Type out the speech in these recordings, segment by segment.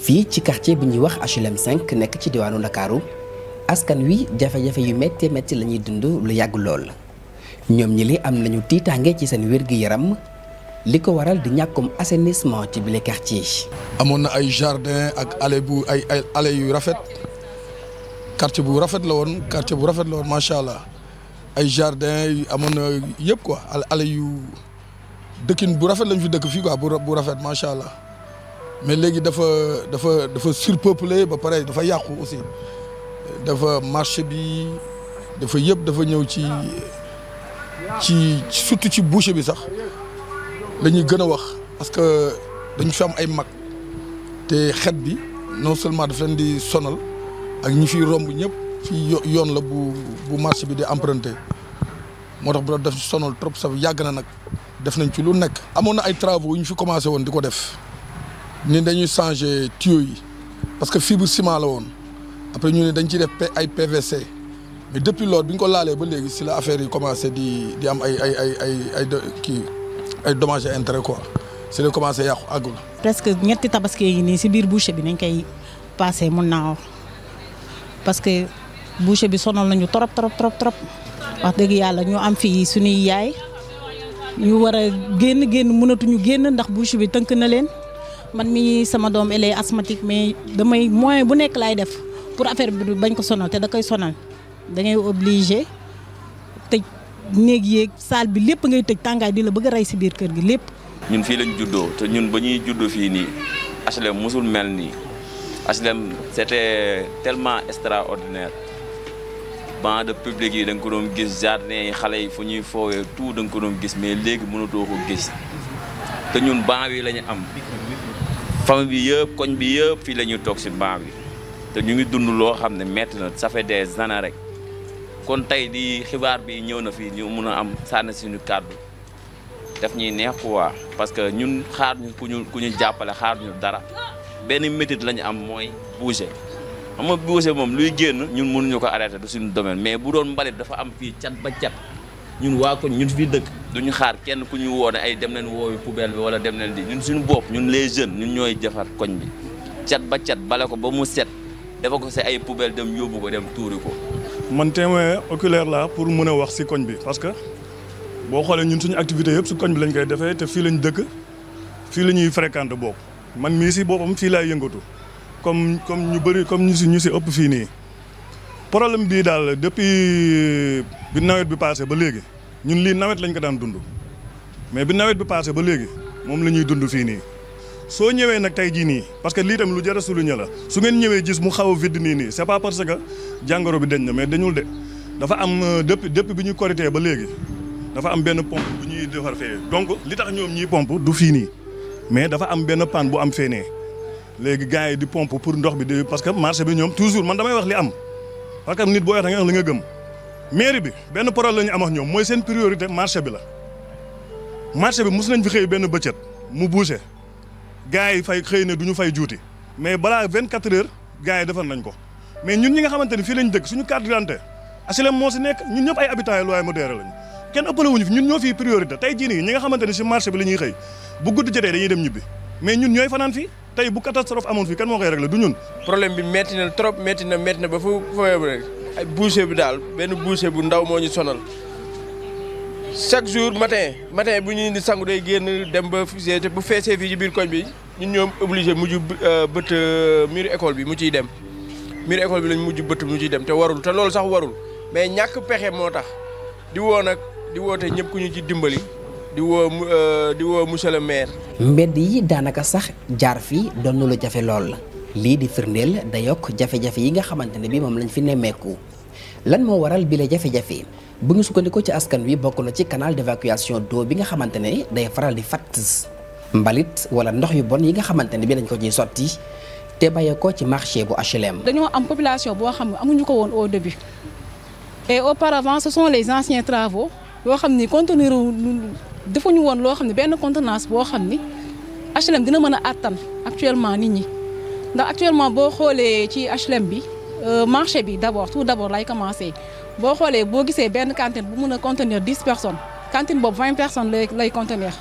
fii ci quartier bu ñuy wax HLM 5 nekk ci diwaanu Ndakaaru askan wi jafe-jafe yu métti métti lañuy dund lu yàgg lool la ñoom ñi li am nañu tiitaange ci seen wér yaram li ko waral di ñàkkum assainissement ci bile quartier amoon na ay jardin ak ale yu rafet quartier bu rafet la woon quartier bu rafet la woon macha allah ay jardin amoon na yëpp quoi ale yu dëkkin bu rafet lañ fi dëkk fii quoi bu rafet macha allah mais léegi dafa dafa dafa surpeuplé ba pare dafa yàqu aussi dafa marché bi dafa yëpp dafa ñëw ci ci surtout ci boucher bi sax la ñuy gën a wax parce que dañu fi ay mag te xet bi non seulement daf leen di sonal ak ñi fi romb ñëpp. ci yoon la bu bu marché bi di emprunté moo tax bu def sonal trop sa yàgg na nag def nañ ci lu nekk. amoon na ay travaux yu ñu fi commencé woon di ko def ni dañuy changé tuyaux yi parce que fibre ciment la woon après ñu ne dañ ciy def ay PVC depuis loolu bi ñu ko laalee ba léegi si la affaire yi commencé di di am ay ay ay ay ay kii ay dommages et intérêts quoi commencé yàqu àggul. nii si biir bu bi nañ koy passé mun naa wax parce que. boucher bi sonal nañu trop trop trop trop wax dëgg yàlla ñoo am fii suñuy yaay ñu war a génn génn mënatuñu génn ndax boucher bi tënk na leen man mi sama doom elle est asthmatique mais damay moyen bu nekk laay def pour affaire bi bañ ko sonal te da koy sonal da ngay obligé tëj néeg yeeg salle bi lépp ngay tëj tàngaay di la bëgg a rey si biir kër gi lépp. ñun fii lañ juddoo te ñun ba ñuy juddoo fii nii HLM mosul mel nii HLM c'était tellement extraordinaire. banc de public yi danga ko doon gis jardin yi xale yi fu ñuy foowee tu da nga ko doon gis mais léegi mënatoo ko gis te ñun banc bi lañu ñu am famille bi yëpp koñ bi yëpp fii la ñuy toog si bi te ñu ngi dund loo xam ne métti na ça fait des années rek kon tey di xibaar bi ñëw na fii ñu mun a am sànni suñu kàddu daf ñuy neex quoi parce que ñun xaar ñu ku ñu ku ñu jàppale xaar ñu dara benn métit la ñu am mooy bouger. xam nga boose moom luy génn ñun munuñu ko arrêté du suñu domaine mais bu doon mbalit dafa am fii cat ba cat ñun waa ko ñun fii dëkk duñu xaar kenn ku ñu woone ay dem leen woowi poubelle bi wala dem leen di ñun suñu bopp ñun les jeunes ñun ñooy defar koñ bi cat ba cat bale ko ba mu set dafa ko si ay poubelle dem yóbbu ko dem tuuri ko man témoin oculaire la pour mun a wax si koñ bi parce que boo xoolee ñun suñu activité yëpp si koñ bi lañ koy defee te fii lañ dëkk fii la ñuy fréquente boobu man mii si boppam fii laay yëngatu comme comme ñu bëri comme ñu si ñu si ëpp fii nii problème bii daal depuis bi nawet bi passé ba léegi ñun lii nawet lañ ko daan dund mais bi nawet bi passé ba léegi moom la ñuy dund fii nii soo ñëwee nag tey jii nii parce que lii tam lu jar a souligner la su ngeen ñëwee gis mu xaw a vide nii nii c'est pas parce que jàngoro bi dañ na mais dañul de dafa am euh, depuis depuis bi ñuy koritee ba léegi dafa am benn pompe bu ñuy defar fee donc li tax ñoom ñiy pompe du fii nii mais dafa am benn panne bu am feenee léegi gars yi di pompe pour ndox bi di parce que marché bi ñoom toujours man damay wax li am parce que nit boo wax da nga wax gëm mairie bi benn parole la ñu am ñoom mooy seen priorité marché bi la. marché bi su nañ fi xëy benn bëccët mu bouché gars yi fay xëy ne du ñu fay juuti mais balaa 24 heures gars yi defal nañ ko mais ñun ñi nga xamante ni fii lañ dëkk suñu carte d'identité HLM moo si nekk ñun ñëpp ay habitants yi looy lañu. kenn ëppale wuñu fi ñun ñoo fi priorité tey jii nii ñi nga xamante ni si marché bi la ñuy xëy bu gudd jotee dañuy dem ñibbi. mais ñun ñooy fanaan fi tey bu catastrophe amoon fii kan moo rek la du ñun. problème bi métti trop métti na na ba fu fa yóbbu rek ay boucher bi daal benn boucher bu ndaw moo ñu sonal chaque jour matin matin bu ñu indi sangu day génn dem ba bu feesee fii ci biir koñ bi ñun ñoom obligé mujj euh, bët euh, mur école bi mu ciy dem. mur école bi lañ mujj bët mu ciy dem te warul te loolu sax warul mais ñàkk pexe moo tax di woo nag di woote ñëpp ku ñu ci dimbali. di woo euh, di woo monsieur le maire. mbedd yi daanaka sax jaar fi doon na lu jafe lool la lii di firndeel da yokk jafe-jafe yi nga xamante ne bi moom lañ fi nemmeeku lan moo waral bile jafe-jafe bu ñu sukkandiku ci askan wi bokk na ci canal d'évacuation d'eau bi nga xamante ne day faral di fat mbalit wala ndox yu bon yi nga xamante ne bi dañ ko ciy sotti te bàyyee ko ci marché bu HLM. dañoo am population boo xam ne amuñu ko woon au début et auparavant ce sont les defuñu woon loo xam ne benn contenance boo xam ni HLM dina mën a àttan actuellement nit ñi ndax actuellement boo xoolee ci HLM bi euh, marché bi d' abord tout d' abord lay commencé boo xoolee boo gisee benn cantine bu mun a contenir dix personnes cantine boobu vingt personnes lay lay contenir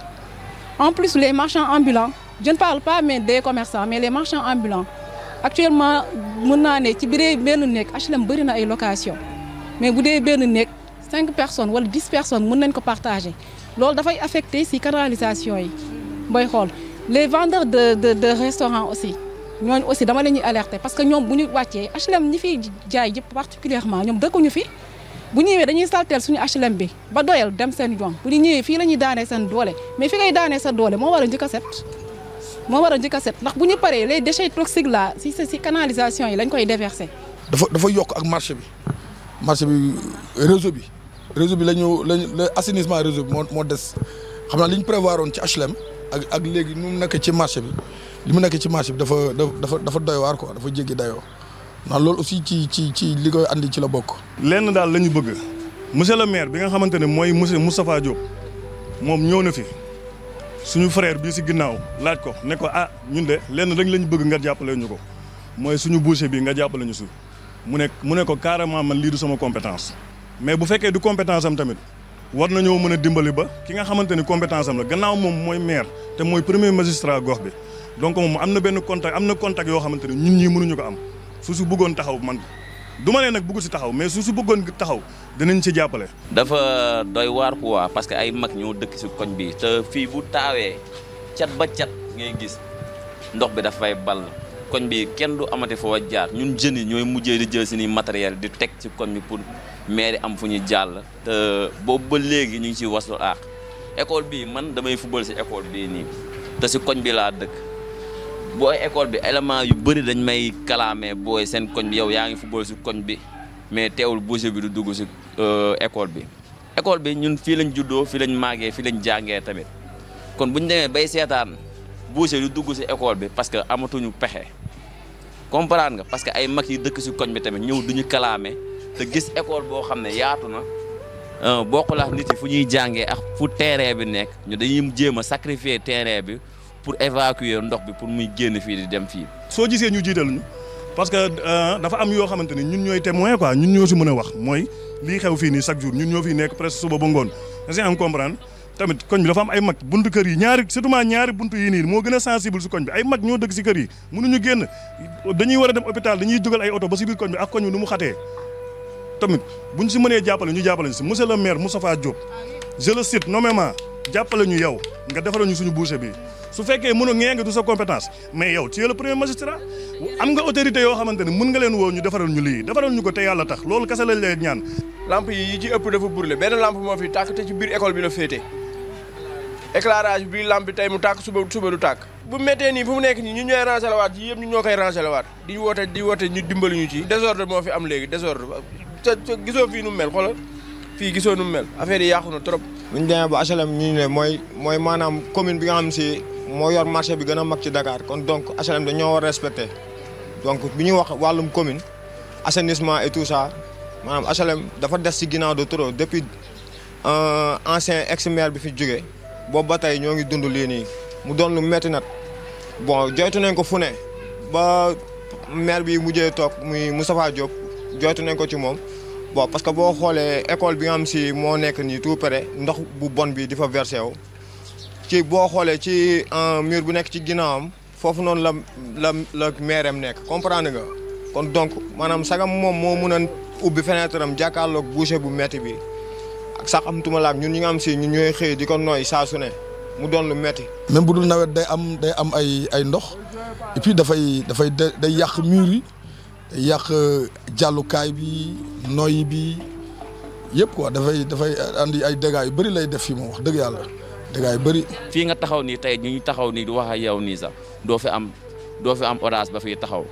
en plus les marchands ambulants je ne parle pas mais des commerçants mais les marchands ambulants actuellement mën naa ne ci biir benn néeg HLM bëri na ay location mais bu dee benn néeg cinq personnes wala dix personnes mën nañ ko partager. loolu dafay affecté si canalisation yi booy xool les vendeurs de de de restaurants aussi ñooñu aussi dama leen ñuy alerter parce que ñoom bu ñu wàccee HLM ñi fi jaay yëpp particulièrement ñoom dëkkuñu fi bu ñëwee dañuy salteel suñu HLM bi ba doyal dem seen yoon bu ñu ñëwee fii la ñuy daanee seen doole mais fi ngay daanee sa doole moo war a njëkk a set moo war a njëkk a set ndax bu ñu paree les déchets toxiques là ci si canalisation yi lañ koy déverser. dafa dafa yokk ak marché bi marché bi réseau bi. réseau bi la ñu la ñu réseau bi moo moo des xam naa li ñu prévoir woon ci HLM ak ak léegi nu mu nekk ci marché bi li mu nekk ci marché bi dafa dafa dafa doy waar dafa jéggi dayoo ndax loolu aussi ci ci ci li koy àndi ci la bokk. lenn daal la ñu bëgg monsieur le maire bi nga xamante ne mooy monsieur Moustapha Diop moom ñëw na fi suñu frère bii si ginnaaw laaj ko ne ko ah ñun de lenn rek la bëgg nga jàppale ñu ko mooy suñu boucher bi nga jàppale ñu si mu ne mu ne ko carrément man lii sama compétence. mais bu fekkee du compétence am tamit war nañoo mën a dimbali ba ki nga xamante ni compétence am la gannaaw moom mooy maire te mooy premier magistrat gox bi donc moom am na benn contact am na contact yoo xamante ni ñun ñii mënuñu ko am su su bëggoon taxaw man du ma ne nag bëggu si taxaw mais su su bëggoon taxaw dinañ ci jàppale. dafa doy waar quoi parce que ay mag ñoo dëkk si koñ bi te fii bu taawee cat ba cat ngay gis ndox bi dafay ball. koñ bi kenn du amati foo jaar ñun jeunes yi ñooy mujjee di jël seeni matériel di teg ci koñ bi pour. maire am fu ñu jàll te boobu ba léegi ñu ngi ciy waslu aaq école bii man damay football si école bii nii te si koñ bi laa dëkk boo école bi élément yu bëri dañ may kalaamee booy seen koñ bi yow yaa ngi football si koñ bi mais teewul bouse bi du dugg si euh, école bi école bi ñun fii lañ juddoo fii lañ màggee fii lañ jàngee tamit kon bu ñu demee bay seetaan bouse du dugg si école bi parce que amatuñu pexe comprendre nga parce que ay mag yi dëkk si koñ bi tamit ñëw duñu kalaame te gis école boo xam ne yaatu na euh, bokkul ak nit yi fu ñuy jàngee ak fu terrain bi nekk ñu dañuy jéem a sacrifier terrain bi pour évacuer ndox bi pour muy génn fii di dem fii. soo gisee ñu jiital ñu parce que euh, dafa am yoo xamante ni ñun ñooy témoin quoi ñun ñoo si mën a wax mooy lii xew fii nii chaque jour ñun ñoo fi nekk presque suba ba ngoon nga si am comprendre tamit koñ bi ay mag buntu yi ñaari surtout ñaari buntu yi nii moo gën a sensible si koñ bi ay mag ñoo dëkk si kër yi mënuñu génn dañuy war a dem hôpital dañuy dugal ay oto ba si biir koñ bi ak mu xatee tamit bu ñu si mënee ñu jàppale ñu si monsieur le maire Moustapha Diop je le cite nommément ñu yow nga defaral ñu suñu boucher bi su fekkee mënu ngee nga du sa mais yow tu es premier magistrat am nga autorité yoo xamante ne nga leen woo ñu defaral ñu lii defaral ñu ko te yàlla tax loolu kese lañ ñaan. lamp yi yi ci ëpp dafa burle benn lamp moo fi tàkk te ci biir école bi la féete éclairage bi lamp tey mu tàkk suba suba du tàkk. bu ca gisoo fii nu mel xoolal fii gisoo nu mel affaire yi na trop. bu ñu demee ba HLM ñu ne mooy mooy maanaam commune bi nga xam si moo yor marché bi gën a mag ci Dakar kon donc HLM dañoo war a donc bi ñuy wax wàllum commune assainissement et tout ça maanaam HLM dafa des si ginnaaw de trop depuis euh, ancien ex maire bi fi jógee boobu ba tey ñoo ngi dund lii nii mu doon lu metti nag bon joytu nañ ko fu ne ba maire bi mu mujjee toog muy Moustapha Diop. joytu nañ ko ci moom bon parce que boo xoolee école bi nga si moo nekk nii tout pare ndox bu bon bi di fa versé ci boo xoolee ci euh, mur bu nekk ci ginnaawam foofu noonu la la la maire am nekk comprendre nga kon donc maanaam sagam moom moo mun a ubbi fenêtre am jàkkaarloog boucher bu metti bi ak sax am tuma ñun ñi nga xam si ñun ñooy xëy di ko nooy saa su ne mu doon lu metti même bu dul nawet day am day am ay ay ndox et puis dafay dafay day yàq mur yi. yàq euh, jàllukaay bi noy bi yëpp ko dafay dafay andi ay dégâts yu bëri lay def fi moom wax dëgg yàlla dégâts yu bëri. fii nga taxaw nii tey ñu ngi taxaw nii di wax a yow nii sax doo fi am doo fi am orage ba fiy taxaw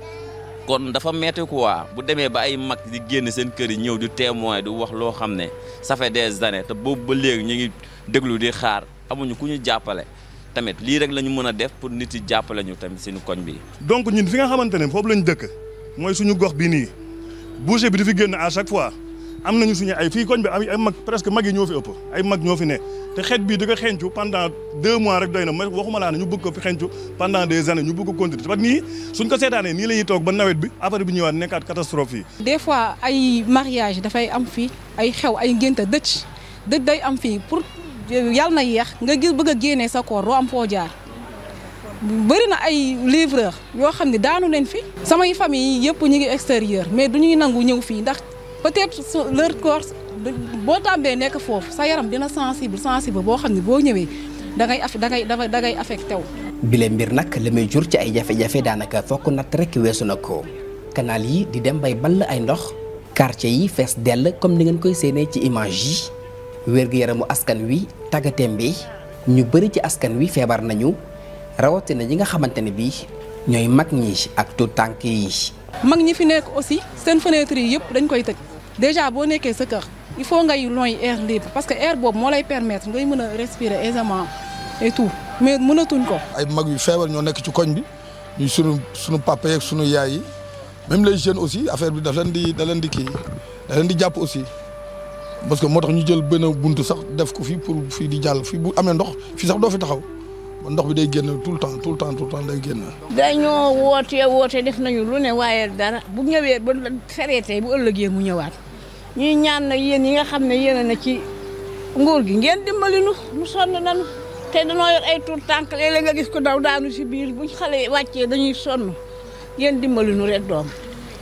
kon dafa metti quoi bu demee ba ay mag di génn seen kër yi ñëw di témoin di wax loo xam ne ça fait des années te boobu ba léegi ñu ngi déglu di xaar amuñu ku ñu jàppale. tamit lii rek la ñu mën a def pour nit yi jàppale ñu tamit suñu koñ bi. donc ñun fi nga xamante ne foofu la dëkk. mooy suñu gox bi nii boucher bi di fi génn à chaque fois am nañu suñu ay fii koñ bi ay mag presque mag yi ñoo fi ëpp ay mag ñoo fi ne te xeet bi di ko xencu pendant deux mois rek doy na ma waxuma laa ne ñu bëgg ko fi xencu pendant des années ñu bëgg ko continuer parce que nii suñ ko seetaanee nii la toog ba nawet bi après bi ñëwaat nekkaat catastrophe yi. des fois ay mariage dafay am fii ay xew ay ngénte dëcc dëj day am fii pour yàlla na yeex nga gis bëgg a génnee sa koor doo am foo jaar. bëri na ay livreur yoo xam ne daanu leen fi samay famille yëpp ñu ngi extérieur mais du ñuy nangu ñëw fii ndax peut-être leur corps boo tàmbee nekk foofu sa yaram dina sensible sensible boo xam ne boo ñëwee dangay ngay af da ngay da ngay affecté mbir nag la muy jur ci ay jafe-jafe daanaka fokk natt rek weesu na ko kanaal yi di dem bay ball ay ndox quartier yi fees dell comme li ngeen koy séenee ci image yi wér-gu-yaramu askan wi taggateem bi ñu bëri ci askan wi feebar nañu. rawatina ñi nga xamante ne bii ñooy mag ñi ak tout tànk yi. mag ñi fi nekk aussi seen fenêtre yi yëpp dañ koy tëj déjà boo nekkee sa kër il faut ngay loy air libre parce que air boobu moo lay permettre ngay mën a respirer aisément et tout mais mënatuñ ko. ay mag yu feebar ñoo nekk ci koñ bi suñu sunu sunu papa yeeg yaay yi même les jeunes aussi affaire bi daf leen di da leen di kii da leen di jàpp aussi parce que moo tax ñu jël benn buntu sax def ko fii pour fii di jàll fii bu amee ndox fii sax doo fi taxaw. ndox bi day génn tout le temps tout le temps tout le day génn. dañoo woote woote def nañu lu ne waaye dara bu ñëwee ba fereetee bu ëllëgee mu ñëwaat ñuy ñaan na yéen yi nga xam ne yéen na ci nguur gi ngeen dimbali nu nu sonn nañu te danoo yor ay tuur tànk léeg-léeg nga gis ko daw daanu si biir buñ xale wàccee dañuy sonn ngeen dimbali nu rek doom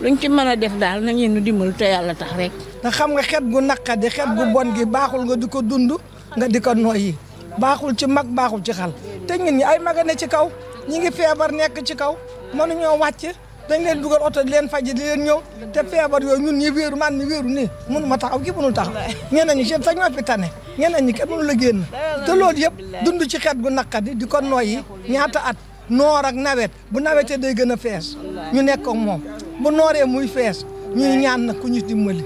luñ ci mën a def daal na ngeen nu dimbali te yàlla tax rek. ndax xam nga xet gu naqadi xet gu bon gi baaxul nga di ko dund nga di ko noyyi. baaxul ci mag baaxul ci xal te ñun ñi ay maga ne ci kaw ñi ngi feebar nekk ci kaw mënuñoo wàcc dañ leen dugal oto di leen faji di leen ñëw te feebar yooyu ñun ñi wéeru man ni wéeru nii mun ma taxaw ki mënul taxaw ñeneen ñi sax ñoo fi tane ñeneen ñi kenn mënu la génn te loolu yëpp dund ci xet gu naqadi di ko nooy yi ñaata at noor ak nawet bu nawetee day gën a fees ñu nekk moom bu nooree muy fees ñuy ñaan nag ku ñu dimbali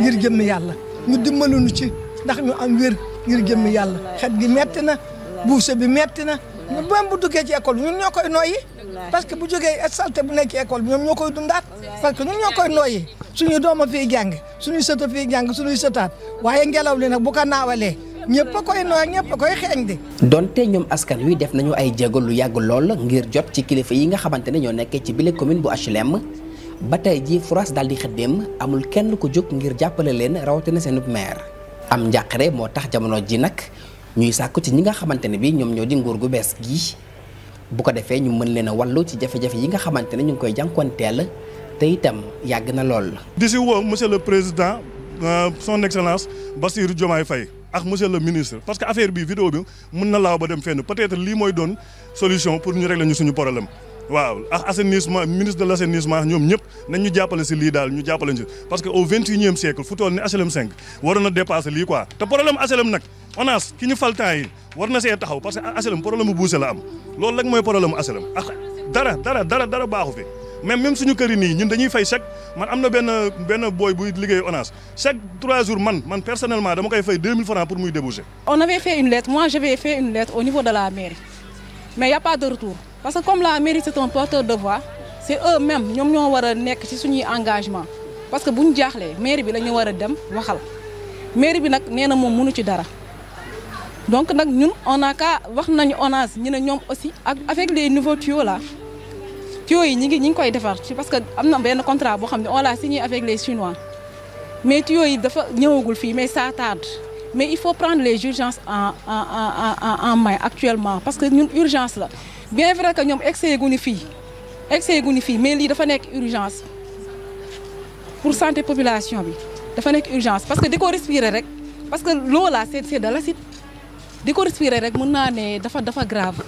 ngir jëmm yàlla ñu dimbaluñu ci ndax ñu ngir jëmm yàlla xet gi metti na buuse bi metti na ñun même bu duggee ci école ñun ñoo koy noyyi parce que bu jógee salté bu nekk ci école bi ñoom ñoo koy dundaat parce que ñun ñoo koy noyyi suñu doom a fiy jàng suñuy sët a jàng suñuy sëtaat waaye ngelaw leen nag bu ko naawalee ñëpp a koy nooy ñëpp a koy xeeñ de. donte ñoom askan wi def nañu ay jéego lu yàgg lool ngir jot ci kilifa yi nga xamante ne ñoo nekkee ci bile commune bu HLM ba tey jii France daal di xëddeem amul kenn ku jóg ngir jàppale leen rawatina seen maire. am njàqare moo tax jamono ji nag ñuy sàkku ci ñi nga xamante ne bi ñoom ñoo di nguur gu bees gi bu ko defee ñu mën leen a wàllu ci jafe-jafe yi nga xamante ne ñu ngi koy jànkuwanteel te itam yàgg na lool. di si woo monsieur le président euh, son excellence Bassirou Diomaye Faye ak monsieur le ministre parce que affaire bi vidéo bi mën na laaw ba dem fenn peut lii mooy doon solution pour ñu régler ñu suñu problème. waaw ak assainissement ministre de l' assainissement ñoom ñëpp nañ ñu jàppale si lii daal ñu jàppale ñu parce que au vingt et unième siècle fu toll ni HLM 5 na dépasser lii quoi te problème HLM nag ONAS ki ñu fal yi war na see taxaw parce que HLM problème buuse la am loolu rek mooy problème mu HLM ak dara dara dara baaxu fi même même suñu kër yi nii ñun dañuy fay chaque man am na benn benn boy buy liggéey ONAS chaque trois jours man man personnellement dama koy fay 2000 francs pour muy déboucher. on avait fait une parce que comme la mairie c'est un porteur de voix c'est eux-mêmes ñoom ñoo war a nekk ci suñuy engagement parce que bu ñu jaaxlee mairie bi la war a dem waxal mairie bi nag nee na moom mënu ci dara donc nag ñun on a wax nañu ONAS ñu ne ñoom aussi ak avec les nouveaux tuyaux là tuyaux yi ñu ngi ñu ngi koy defar ci parce que am na benn contrat boo xam ne on l'a signé avec les chinois mais tuyaux yi dafa ñëwagul fii mais ça tarde mais il faut prendre les urgences en en en en en actuellement parce que ñun urgence la. bien vrai que ñoom excès gu ñu fii excès gu ñu fii mais lii dafa nekk urgence pour santé population bi dafa nekk urgence parce que di ko respirer rek parce que l'eau là c'est c'est de l'acide di ko respirer rek mën naa ne dafa dafa grave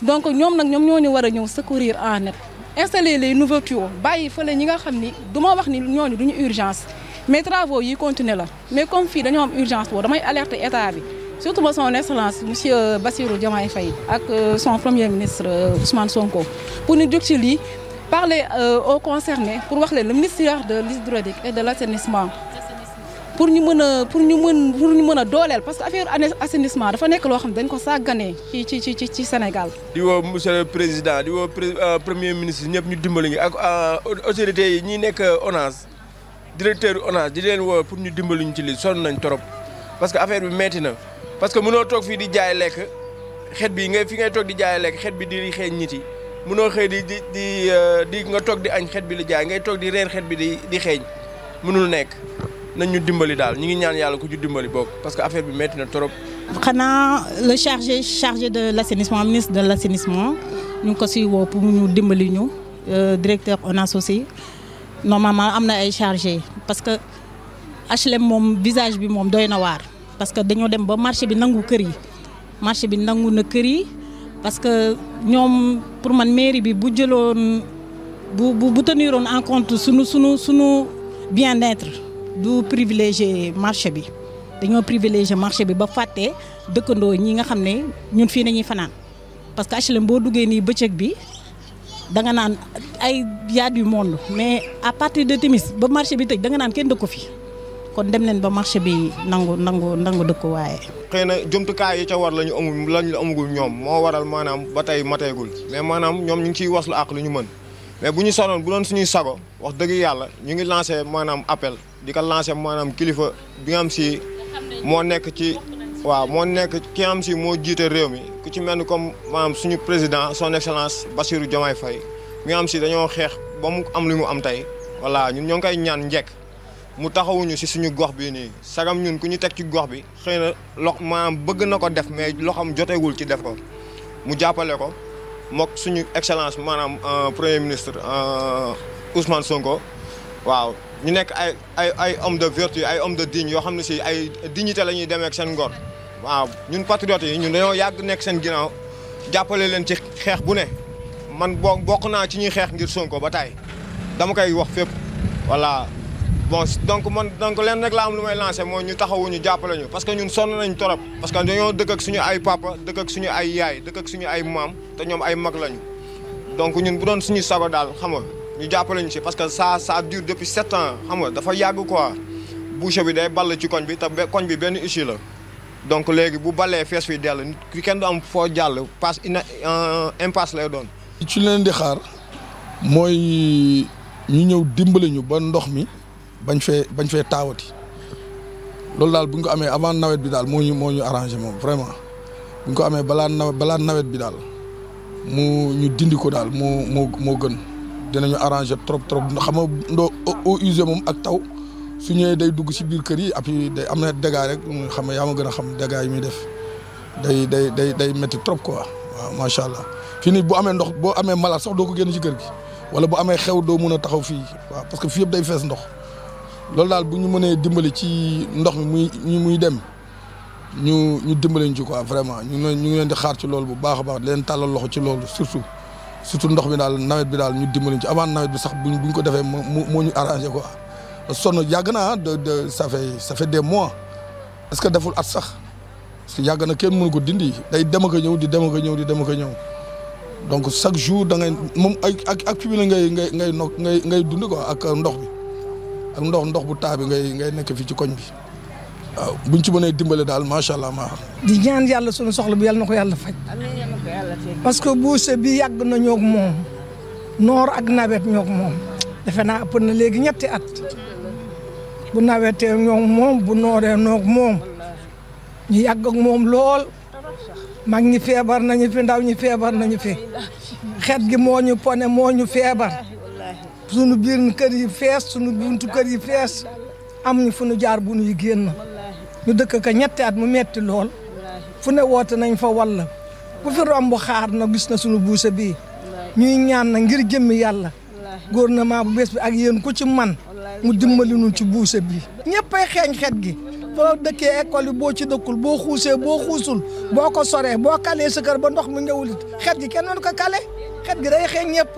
donc ñoom nag ñoom ñoo ñu war a ñëw secourir en net installer les nouveaux tuyaux bàyyi fa fële ñi nga xam ni du wax ni ñoo ñooñu duñu urgence mais travaux yi continuer la mais comme fii dañoo am urgence boobu damay alerter état bi surtout ba son excellence monsieur euh, Bassirou Diomaye Faye ak euh, son premier ministre euh, Ousmane Sonko pour ñu jóg ci lii parler au concernés pour wax leen le ministère de l'hydraulique et de l'assainissement pour ñu mën a pour ñu mën pour ñu mën a dooleel parce que affaire assainissement dafa nekk loo xam dañ ko sàgganee ci ci ci ci Sénégal. di woo monsieur le président di woo premier ministre ñëpp ñu dimbali ñu ak autorités yi ñi nekk ONAS directeur ONAS di leen woo pour ñu dimbali ñu ci li sonn nañ trop parce que affaire bi metti na. parce que mënoo toog fii di jaay lekk xet bi ngay fi ngay toog di jaay lekk xet bi di xeeñ nit yi mënoo xëy di di di euh, di nga toog di añ xet bi di jaay ngay toog di reer xet bi di di xeeñ mënul nekk nañ ñu dimbali daal ñu ngi ñaan yàlla ku ñu dimbali bokk parce que affaire bi métti na trop. xanaa le chargé chargé de l' assainissement ministre de l' assainissement ñu ngi ko siy woo pour ñu dimbali ñu euh, directeur ONAS aussi normalement am na ay chargé parce que HLM moom visage bi moom doy na waar. parce que dañoo dem ba marché bi nangu kër yi marché bi nangu na kër yi parce que ñoom pour man mairie bi bu jëloon bu bu bu teniroon en compte sunu sunu sunu bien-être du privilégié marché bi dañoo privilégié marché bi ba fàttee dëkkandoo ñi nga xam ne ñun fii nañuy fanaan parce que HLM boo duggee nii bëccëg bi da nga naan ay yaa du monde mais à partir de timis ba marché bi tëj da nga naan kenn dëkku fi. kon dem leen ba marché bi nangu nangu nangu dëkkuwaaye. xëy na jumtukaay yi ca war lañu amul lañ la amagul ñoom moo waral maanaam ba tey mateegul mais maanaam ñoom ñu ngi ciy waslu ak lu ñu mën mais bu ñu sonoon bu doon suñuy sago wax dëgg yàlla ñu ngi lancé manaam appel di ko lancé maanaam kilifa bi am si moo nekk ci. waaw moo nekk ki am si moo jiite réew mi ku ci mel ni comme maanaam suñu président son excellence Bassirou Diomaye Faye mi nga am si dañoo xeex ba mu am li mu am tey voilà ñun ñoo ngi koy ñaan njekk mu taxawuñu si suñu gox bi nii sagam ñun ku ñu teg ci gox bi xëy na lox maanaam bëgg na ko def mais loxam jotewul ci def ko mu jàppale ko mook suñu excellence maanaam euh, premier ministre euh, Ousmane Sonko waaw ñu nekk ay ay ay homme de vertu ay homme de yoo xam ne si ay dignité la ñuy demee seen ngor waaw ñun patriotes yi ñun dañoo yàgg nekk seen ginnaaw jàppale leen ci xeex bu ne man boo bokk naa ci ñuy xeex ngir Sonko ba tey dama koy wax fépp voilà bon donc man donc leen rek laa am lu may lancé mooy ñu taxawuñu jàppale ñu parce que ñun sonn nañ trop parce que dañoo dëkk ak suñu ay papa dëkk ak suñu ay yaay dëkk suñu ay maam te ñoom ay mag lañu donc ñun bu doon suñu sago daal xam nga ñu jàpp ñu si parce que ça ça dure depuis sept ans xam nga yàgg quoi boucher bi day ball ci koñ bi te koñ bi benn issue donc léegi bu balee fees fi dell nit kenn du am foo jàll passe ina euh, impasse lay doon. ci leen di xaar mooy ñu ñëw dimbali ñu ba ndox mi. bañ fee bañ fee taawati loolu daal bu ñu ko amee avant nawet bi daal moo ñu moo ñu arrangé moom vraiment bu ko amee balaa nawet balaa nawet bi daal mu ñu dindi ko daal moo moo moo gën arranger arrangé trop trop xam nga ndoo moom ak taw su ñëwee day dugg si biir kër yi après day am na dégâts rek xam nga yaa ma gën a xam dégâts yi muy def day day day day métti trop quoi waaw macha allah fii nii boo amee ndox boo amee malade sox doo ko génn si kër gi wala bu amee xew doo mun a taxaw fii waaw parce que fii yëpp day fees ndox. loolu daal bu ñu mënee dimbali ci ndox mi muy muy dem ñu ñu dimbali ci quoi vraiment ñu ñu ngi leen di xaar ci loolu bu baax a baax leen tàllal loxo ci loolu surtout surtout ndox mi daal nawet bi daal ñu dimbali ci avant nawet bi sax buñ buñ ko defee moo moo ñu arrangé quoi. sonn yàgg na ah, de de ça fait des mois est-ce que deful at sax parce que na kenn mënu ko dindi day dem ak ñëw di dem ak ñëw di dem ak ñëw donc chaque jour da ngay moom ay ak ak bi la ngay ngay ngay ngay ngay dund quoi ak ndox mi ak ndox ndox bu taa bi ngay nekk fii ci koñ bi waaw buñ ci mënee dimbale daal macha allah maa di ñaan yàlla sunu soxla bi yàlla na ko yàlla faj. parce que bouse bi yàgg na ñoo moom noor ak nawet ñoo moom defe naa ëpp na léegi ñetti at bu nawetee ñoo moom bu moom lool. mag ñi feebar nañu fi ndaw ñi feebar nañu fi xet gi moo pone moo ñu feebar. sunu biir kër yi fees sunu buntu kër yi fees amuñu fu nu jaar bu nuy génn ñu dëkk ko ñetti at mu metti lool fu ne woote nañ fa walla ku fi romb xaar na gis na sunu buuse bii ñuy ñaan na ngir jëmmi yàlla gouvernement bu bees bi ak yéen ku ci man mu dimbali nu ci buuse bi ñëppay xeeñ xet gi foo dëkkee école boo ci dëkkul boo xuusee boo xuusul boo ko soree boo kalee sa kër ba ndox mu ñëwul it xet gi kenn doon ko kale xet gi day xeeñ ñëpp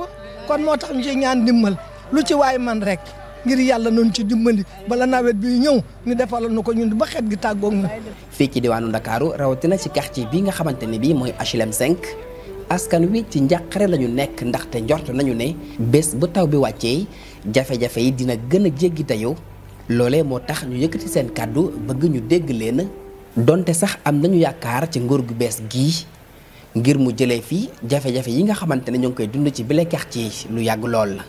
kon moo tax ñu ñaan dimbal lu ci waay man rek ngir yàlla noonu ci dimbali bala nawet bi ñëw ñu defaloon nu ko ñun ba xet gi tàggoog na. fii ci diwaanu Ndakaaru rawatina ci quartier bii nga xamante ni bii mooy HLM 5. askan wi ci njàqare la ñu nekk ndaxte njort nañu ne bés bu taw bi wàccee jafe-jafe yi dina gën a jéggi dayoo loole moo tax ñu yëkkati seen kàddu bëgg ñu dégg leen donte sax am nañu yaakaar ci nguur gu bees gii ngir mu jëlee fii jafe-jafe yi nga xamante ne ñoo ngi koy dund ci bile ci lu yàgg lool la